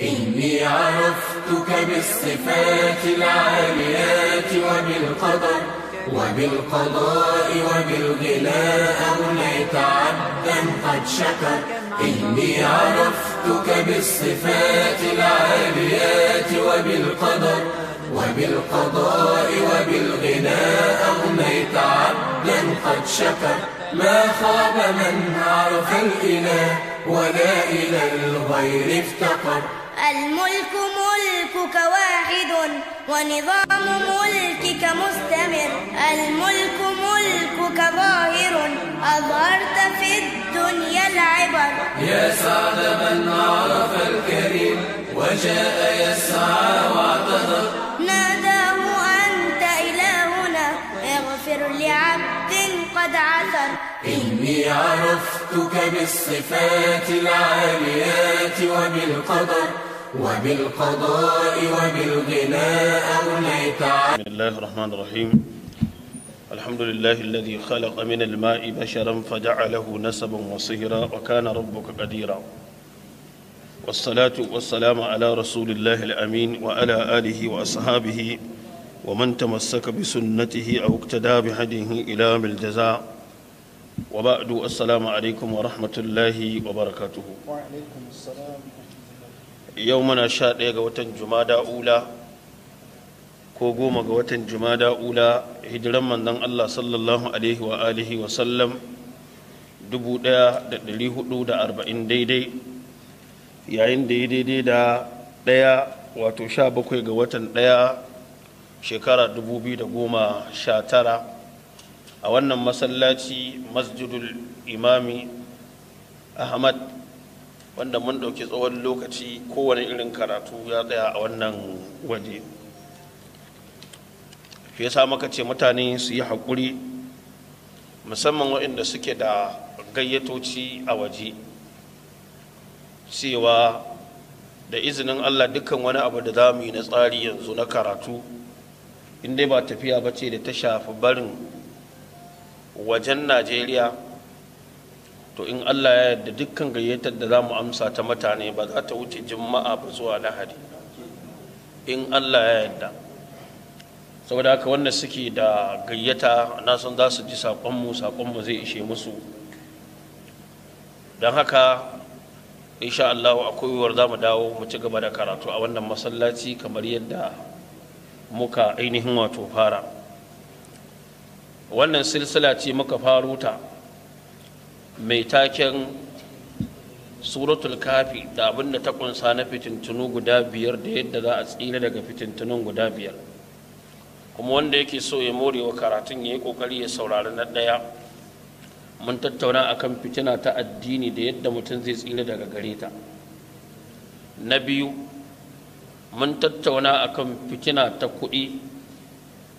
إني عرفتك بالصفات العاليات وبالقدر وبالقضاء وبالغناء أوليت عبدا قد شكر إني عرفتك بالصفات العاليات وبالقدر وبالقضاء وبالغناء أغنيت عبدا قد شكر ما خاب من عرف الإله ولا إلى الغير افتقر الملك ملكك واحد ونظام ملكك مستمر الملك ملكك ظاهر أظهرت في الدنيا العبر يا سعد من عرف الكريم وجاء يسعى واعتذر ناداه أنت إلهنا اغفر لعبد قد عثر إني عرفتك بالصفات العاليات وبالقدر وبالقضاء وبالغناء أوليت بسم الله الرحمن الرحيم الحمد لله الذي خلق من الماء بشرا فجعله نسبا وصهرا وكان ربك قديرا والصلاة والسلام على رسول الله الأمين وعلى آله وأصحابه ومن تمسك بسنته أو اقتدى بهديه إلى الجزاء وبعد السلام عليكم ورحمة الله وبركاته وعليكم السلام yau muna sha ɗaya ga watan jumada ula ko goma ga watan jumada ula hijiran manzon Allah sallallahu alaihi wa alihi wa sallam arba'in daidai yayin da ya daidai da ɗaya wato sha bakwai ga watan ɗaya shekara dubu biyu da goma sha tara, a wannan masallaci masjidul imami ahmad wanda mun ɗauki tsawon lokaci kowane irin karatu ya tsaya a wannan waje fiye sa maka ce mutane su yi haƙuri musamman waɗanda suke da gayyatoci a waje cewa da izinin allah dukkan wani abu da za mu yi na tsari yanzu na karatu Inda ba tafiya ba ce da ta shafi barin wajen najeriya to in allah ya yarda dukkan gayyatar da za mu amsa ta mutane ba za ta wuce juma'a ba zuwa lahadi in allah ya yarda saboda haka wanda suke da gayyata na san za su ji saƙonmu saƙonmu zai ishe musu don haka insha Allah akwai yiwuwar za mu dawo mu ci gaba da karatu a wannan masallaci kamar yadda muka ainihin wato fara wannan silsila ce muka faro ta mai taken suratul kafi da abin da ta kunsa na fitintunu guda biyar da yadda za a tsira daga fitintunun guda biyar kuma wanda yake so ya more wa karatun ya yi kokari ya saurari na ɗaya mun tattauna akan fitina ta addini da yadda mutum zai tsira daga gare ta na biyu mun tattauna akan fitina ta kuɗi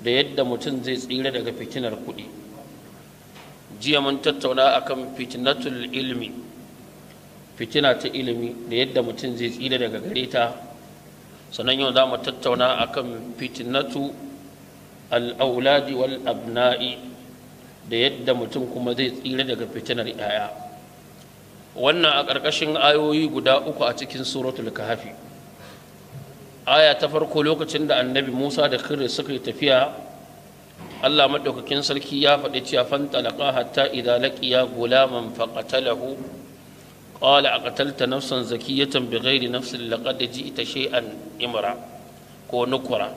da yadda mutum zai tsira daga fitinar kuɗi jiya mun tattauna akan fitnatul ilmi fitina ta ilimi da yadda mutum zai tsira daga gare ta sannan yau za mu tattauna akan fitnatu al'auladi wal abna'i da yadda mutum kuma zai tsira daga fitinar 'ya'ya wannan a ƙarƙashin ayoyi guda uku a cikin suratul kahafi aya ta farko lokacin da annabi musa da khidir suka yi tafiya Allah maɗaukakin sarki ya faɗi cewa fantalaka hatta idza lakiya gulaman faqatalahu qala aqtalta nafsan zakiyatan bighairi nafsin laqad ji'ta shay'an imra ko nukura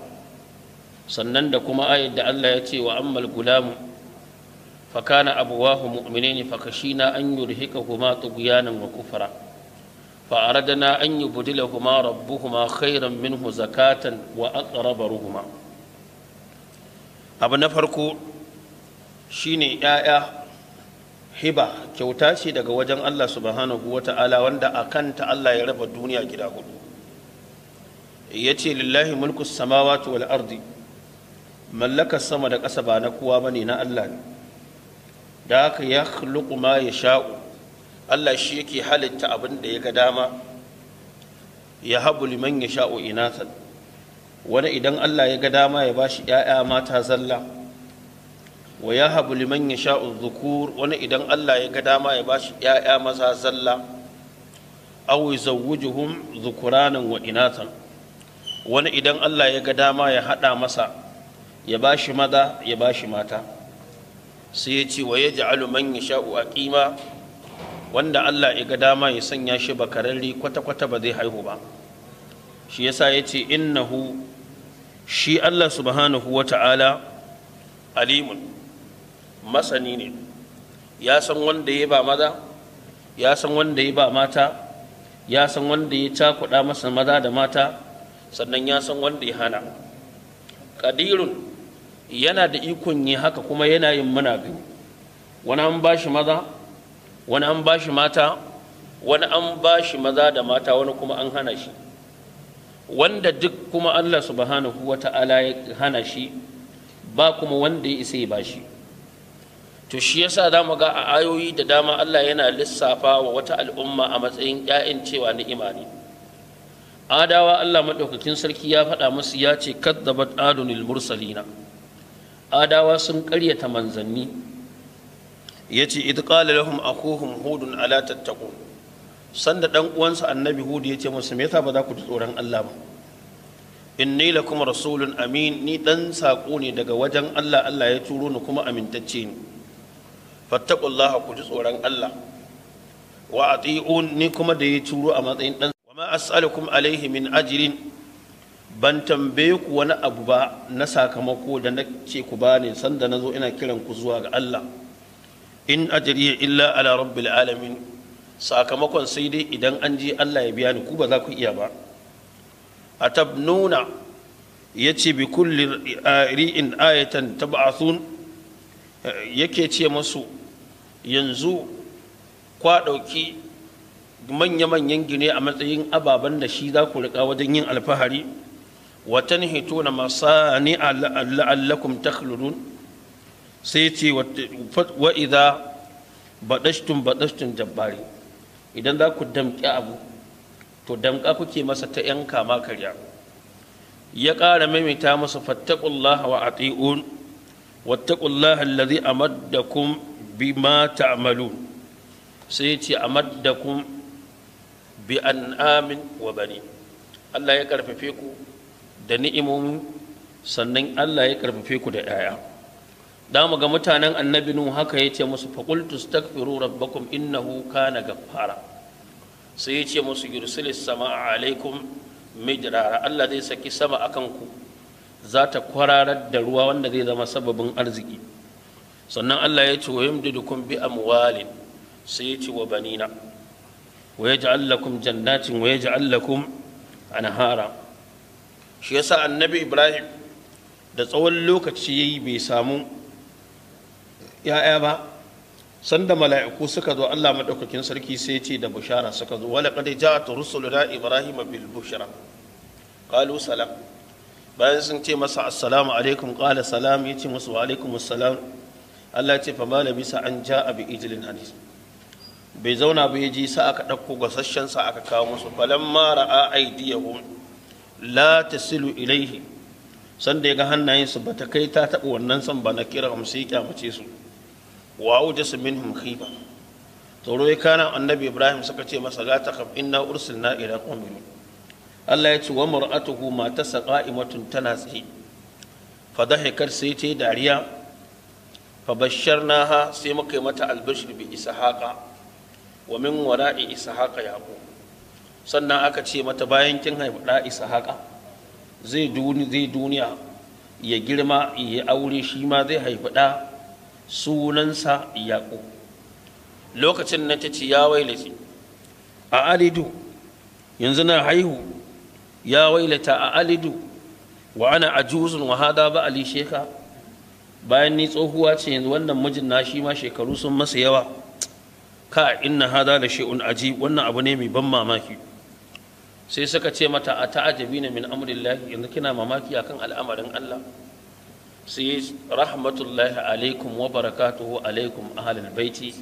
sannan da kuma ayat da Allah ya ce wa ammal gulam fa kana abuwahu mu'minin na anyi an yurhika huma tughyanan wa kufra fa aradna an yubdilahuma rabbuhuma khairan minhu zakatan wa aqrabaruhuma ruhuma abu na farko shine ‘ya'ya hiba kyauta ce daga wajen Allah subhanahu wa ta'ala wanda a kanta Allah ya raba duniya gida hudu ya ce lillahi mulkus samawati wal ardi mallakar sama da ƙasa ba na kowa ba ne na Allah ne da haka ya ma ya sha'u Allah shi yake halitta abin da ya ga dama ya habu liman ya sha'u inatan wani idan Allah ya ga dama ya ba shi ‘ya'ya mata zalla wa ya habu liman ya sha zukur wani idan Allah ya ga dama ya ba shi ‘ya'ya maza zalla awi zawujuhum zukuranin wa inatan wani idan Allah ya ga dama ya haɗa masa ya ba shi maza ya ba shi mata sai ya ce wa ya ji alu ya sha'u a ƙima wanda Allah ya ga dama ya sanya shi bakararri kwata-kwata ba zai haihu ba shi yasa ya ce innahu shi Allah subhanahu wa ta'ala alimun masani ne ya san wanda ya ba maza ya san wanda ya ba mata ya san wanda ya cakuɗa masa maza da mata sannan ya san wanda ya hana Kadirun yana da ikon yi haka kuma yana yin mana gani wani an ba shi maza wani an ba shi mata wani an ba shi maza da mata wani kuma an hana shi wanda duk kuma Allah subhanahu wa ta'ala ya hana shi ba kuma wanda ya isa ya ba shi to shi yasa za mu ga a ayoyi da dama Allah yana lissafa wa wata al'umma a matsayin 'ya'yan cewa ni'ima ne adawa Allah maɗaukakin sarki ya faɗa musu ya ce kadzabat adunil mursalina adawa sun ƙaryata manzanni yace id qala lahum akuhum hudun ala tattaqun sanda dan uwansa annabi Hudi ya ce masa me yasa ba za ku ji tsoron Allah ba inni lakum rasulun amin ni dan sako ne daga wajen Allah Allah ya turo ni kuma amintacce ni fattaqullaha ku ji tsoron Allah wa ati'un ni kuma da ya turo a matsayin dan wa ma as'alukum alaihi min ajrin ban tambaye ku wani abu ba na sakamako da na ce ku bani sanda na zo ina kiran ku zuwa ga Allah in ajriya illa ala rabbil alamin sakamakon sai dai idan an je Allah ya biya ni ku ba za ku iya ba atabnuna ce bi kulli ri'in ayatan tab'athun yake ce masu yanzu kwa dauki manya-manyan gine a matsayin ababen da shi za ku riƙa wajen yin alfahari watan hito na masani la'allakum takhludun sai ce wa idza badashtun badashtun jabbari idan za ku damƙi abu to damƙa kuke masa ta 'yan kama karya ya ƙara maimaita masa fattakullaha wa ati'un wattakullaha allazi amaddakum bima ta'malun sai ya ce amaddakum bi an'amin wa bani Allah ya ƙarfafe ku da ni'imomi sannan Allah ya ƙarfafe ku da 'ya'ya da ga mutanen annabi nuhu haka ya ce musu faƙultu stakfiru rabbakum innahu kana gaffara sai ya ce musu yursilis sama alaikum mijrara Allah zai saki sama akan ku za ta kwararar da ruwa wanda zai zama sababin arziki sannan Allah ya ce wa yumdidukum bi amwalin sai ya ce wa banina wa yaj'al lakum jannatin wa yaj'al lakum anhara shi yasa annabi Ibrahim da tsawon lokaci yayi bai samu 'ya'ya ba sanda mala'iku suka zo Allah madaukakin sarki sai ce da bushara suka zo wala qad ja'at da ibrahim bil bushra qalu salam bayan sun ce masa assalamu alaikum qala salam yace musu wa alaikum assalam Allah ce fa mala sa an ja'a bi ijlin hadis bai zauna ba yaji sa aka dauko gasasshen sa aka kawo musu falamma ra'a aydiyahum la tasilu ilaihi sanda ya ga hannayensu ba ta kai ta taɓa wannan san ba na kira musiki ya kyamace su wa awjasa minhum khifa tsoro ya kana annabi ibrahim suka ce masa la takhaf inna ursilna ila qaumin Allah ya ce wa mar'atuhu matarsa qa'imatun tana tsaye fa dahikat sai ta dariya fa basharnaha sai muka yi mata albashir bi ishaqa wa min wara'i ishaqa yaqub sannan aka ce mata bayan kin haifa da ishaqa zai duniya ya girma ya aure shi ma zai haifi da sunansa yaƙo lokacin na ta ce ya wailati a alidu yanzu na haihu ya wailata a alidu wa ana ajuzun wa hada ba ali sheka bayan ni tsohuwa ce yanzu wannan mijin na shi ma shekaru sun masa yawa ka inna hada da shi'un aji wannan abu ne mai ban mamaki sai suka ce mata a ta'ajabi min amrillahi yanzu kina mamaki akan al'amarin Allah sai rahmatullahi alaikum wa barakatuhu alaikum ahlul baiti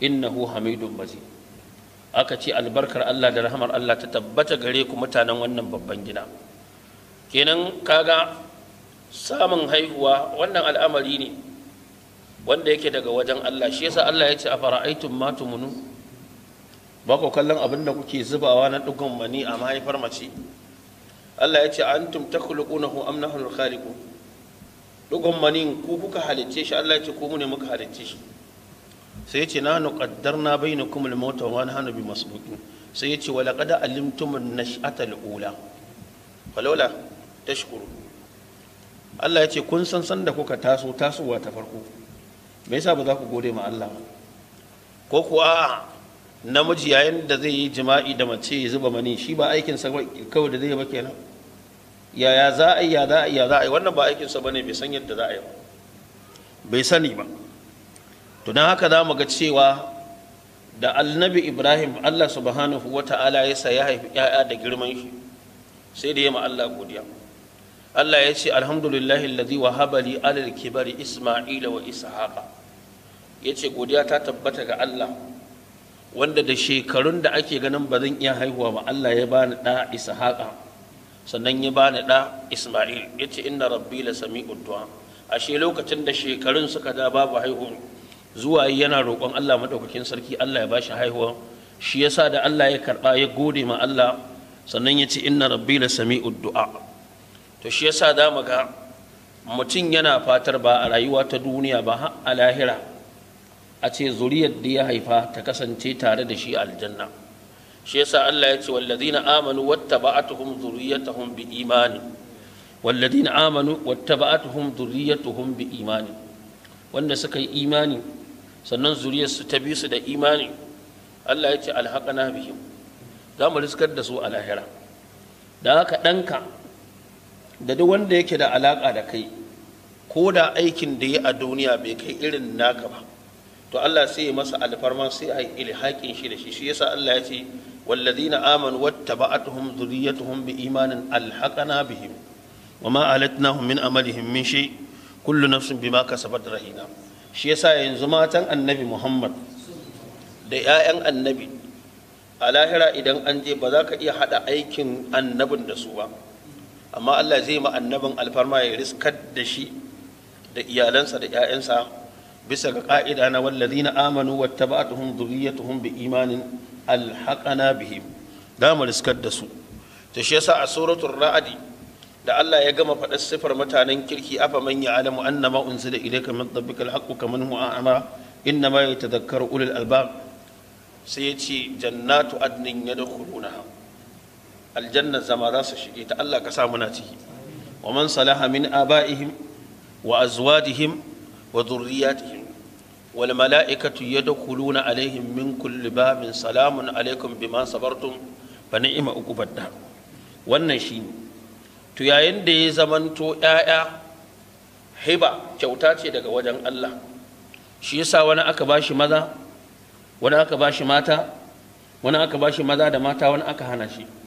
innahu hamidun majid aka ce albarkar Allah da rahmar Allah ta tabbata gare ku mutanen wannan babban gida kenan kaga samun haihuwa wannan al'amari ne wanda yake daga wajen Allah shi yasa Allah ya ce a fara'aitun matumunu ba ku kallon abin da kuke zubawa na dugun mani a mahaifar mace Allah ya ce antum hu am nahnu khaliqun dugon manin ku kuka halicce shi Allah ya ce ku mu ne muka halicce shi sai ya ce na nu qaddarna bainakum al-maut wa nahnu bi masbuqin sai ya ce wa laqad alimtum an-nash'ata al-ula falawla tashkuru Allah ya ce kun san san da kuka taso tasowa ta farko me yasa ba za ku gode ma Allah ko kuwa namiji yayin da zai yi jima'i da mace ya zuba mani shi ba aikin sa kawai da zai ba kenan yaya za a yi ya za a yi ya za a yi wannan ba aikinsa ba ne bai san yadda za a yi ba bai sani ba to don haka za mu ga cewa da annabi ibrahim allah subhanahu wa ta'ala ya sa ya haifi ya'ya da girman shi sai da yi ma allah godiya allah ya ce alhamdulillahi alladhi wahaba li alal kibari isma'ila wa ishaqa ya ce godiya ta tabbata ga allah wanda da shekarun da ake ganin ba zan iya haihuwa ba allah ya bani da ishaqa sannan ya bani da Isma'il ya yace inna rabbi la sami'ud du'a ashe lokacin da shekarun suka da babu haihu zuwa yana roƙon Allah madaukakin sarki Allah ya bashi haihuwa shi yasa da Allah ya karba ya gode ma Allah sannan ya ce inna rabbi la sami'ud du'a to shi yasa da ga mutum yana fatar ba a rayuwa ta duniya ba a lahira a ce zuriyar da ya haifa ta kasance tare da shi aljanna shi yasa Allah ya ce wallazina amanu wattaba'atuhum dhurriyyatuhum biimani wallazina amanu wattaba'atuhum dhurriyyatuhum imani. wanda suka yi imani sannan su ta bi su da imani Allah ya ce alhaqana bihim za mu riskar da su a lahira da haka ɗanka da duk wanda yake da alaƙa da kai ko da aikin da ya a duniya bai kai irin naka ba to Allah sai ya masa alfarma sai a ilhaƙin shi da shi shi yasa Allah ya ce والذين آمنوا واتبعتهم ذريتهم بإيمان ألحقنا بهم وما أهلتناهم من أملهم من شيء كل نفس bima كسبت Rahina. shi yasa yanzu matan annabi Muhammad da ƴaƴan annabi a lahira idan an je ba za ka iya haɗa aikin annabin da su ba amma Allah zai ma annabin alfarma ya riskar da shi da iyalansa da 'ya'yansa bisa ga ka'ida na wallazina amanu wattaba'atuhum dhurriyyatuhum bi imanin alhaqana bihim da mu da su to shi yasa a suratun ra'adi da Allah ya gama faɗar sifar mutanen kirki afa man ya'lamu annama unzila ilayka min rabbikal haqqu kaman huwa a'ma innama yatadhakkaru ulul albab sai ya ce jannatu adnin yadkhulunaha aljanna zama za su shige ta Allah ka sa muna ciki wa man salaha min aba'ihim wa azwajihim wa zurriyatihim wal mala'ikatu yadkhuluna alaihim min kulli babin salamun alaikum bima sabartum fa ni'ma uqubad dar wannan shine to yayin da ya zamanto 'ya'ya hiba kyauta ce daga wajen Allah shi yasa wani aka bashi maza wani aka bashi mata wani aka bashi maza da mata wani aka hana shi